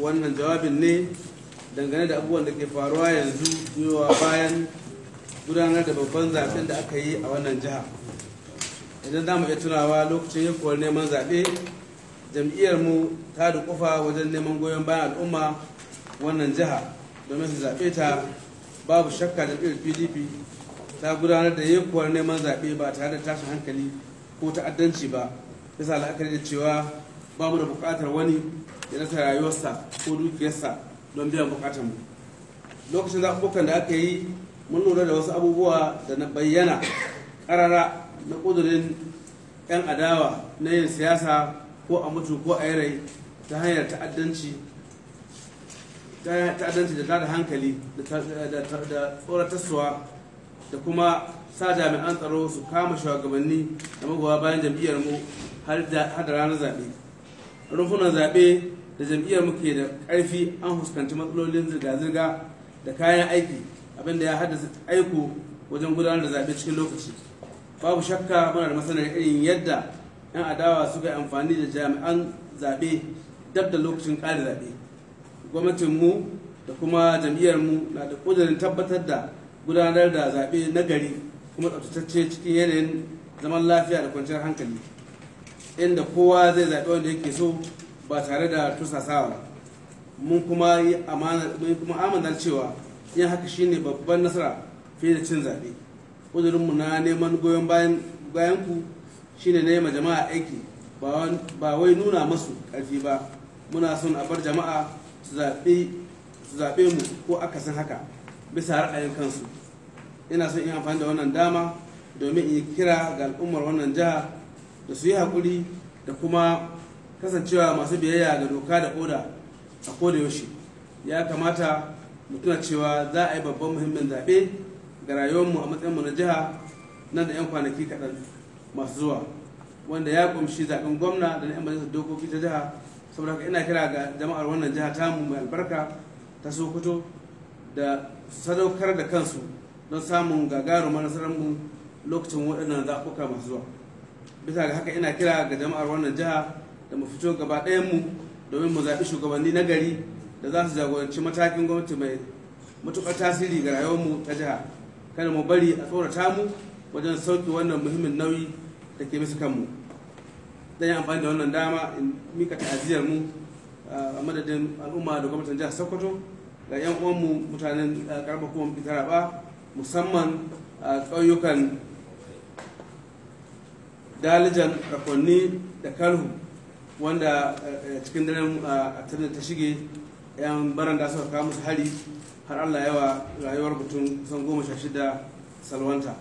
wannan jawabin ne dangane da abubuwan da ke faruwa yanzu yiwa bayan gudanar da babban zaɓen da aka yi a wannan jiha idan za mu iya tunawa lokacin yankuwar neman zaɓe mu ta da kufa wajen neman goyon bayan al'umma wannan jiha domin su zaɓe ta babu shakka jam'iyyar pdp ta gudanar da yankuwar neman zaɓe ba tare da tashin hankali ko ta'addanci ba bisa la'akari da cewa babu mu da buƙatar wani ya rasa rayuwarsa ko dukiyarsa don biyan bukatan mu lokacin zaɓuɓɓukan da aka yi mun lura da wasu abubuwa da na bayyana ƙarara na ƙudurin 'yan adawa na yin siyasa ko a mutu ko a yarai ta hanyar ta'addanci ta'addanci da tada hankali da tsoratarsuwa da kuma sa jami'an tsaro su kama shugabanni da magoya bayan jam'iyyar mu har da ranar zaɓe rumfunan zaɓe da jam'iyyar muke da ƙarfi an fuskanci matsalolin zirga-zirga da kayan aiki abinda ya haddasa aiko wajen gudanar da zaɓe cikin lokaci babu shakka muna da masanar irin yadda 'yan adawa suka yi amfani da jami'an zaɓe dab da lokacin ƙari zaɓe gwamnatinmu da kuma jam'iyyarmu na da ƙudurin tabbatar da gudanar da zaɓe na gari kuma tsaftatacce cikin yanayin zaman lafiya da kwanciyar hankali inda kowa zai zaɓi wanda yake so ba tare da tusasawa mun kuma yi cewa yin haka shine babban nasara fiye da cin zaɓe ƙudurinmu na neman goyon bayan ku shine na yi jama'a aiki ba wai nuna masu ƙarfi ba muna son a bar jama'a su zaɓe mu ko akasin haka bisa ra'ayin kansu ina son in amfani da wannan dama domin in kira ga al'ummar wannan jiha da su yi haƙuri da kuma kasancewa masu biyayya ga doka da oda a kodayaushe ya kamata mu tuna cewa za a yi babban muhimmin zaɓe ga rayuwarmu a matsayinmu na jiha nan da 'yan kwanaki kaɗan masu zuwa wanda ya ƙumshi zaɓen gwamna da na 'yan majalisar dokoki ta jiha saboda haka ina kira ga jama'ar wannan jiha tamu mai albarka ta sokoto da sadaukar da kansu don samun gagarumar nasararmu lokacin waɗannan zaɓuka masu zuwa bisa ga haka ina kira ga jama'ar wannan jiha da mu fito gaba ɗayan mu domin mu zaɓi shugabanni na gari da za su jagoranci matakin gwamnati mai matuƙar tasiri ga rayuwar mu ta jiha kada mu bari a tsorata mu wajen sauki wannan muhimmin nauyi da ke bisa kanmu zan yi amfani da wannan dama in mika ta'aziyar mu a madadin al'umma da gwamnatin jihar sokoto ga 'yan uwanmu mutanen karɓar kuma musamman a ƙauyukan dalijan rakonni da kalhu wanda eh, eh, cikin daren eh, a ta shige yan da suka kawo musu hari har allah yawa rayuwar mutum kusan goma sha shida salwanta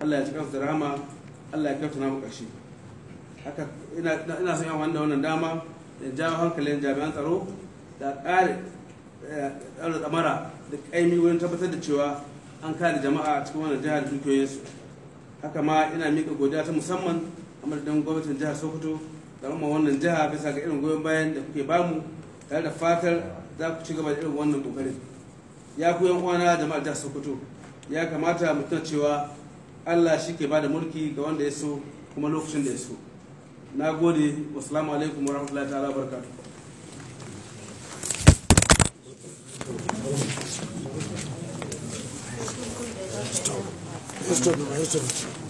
allah ya ci kansu da rahama allah ya kyauta mu ƙarshe ina son yawan da wannan dama da jawo hankalin jami'an tsaro da ƙare da tsamara da ƙaimi wurin tabbatar da cewa an kare jama'a cikin wannan jihar dukiyoyinsu haka ma ina mika godiya ta musamman a madadin gwamnatin jihar sokoto da kuma wannan jiha bisa ga irin goyon bayan da kuke bamu tare da fatar za ku ci gaba da irin wannan kokarin ya ku yan uwana jama'ar jihar sokoto ya kamata mu tuna cewa allah shi ke bada mulki ga wanda ya so kuma lokacin da ya so na gode wasalamu alaikum warahmatullahi ta'ala barakatuh Jeszcze dwa, jeszcze dwa.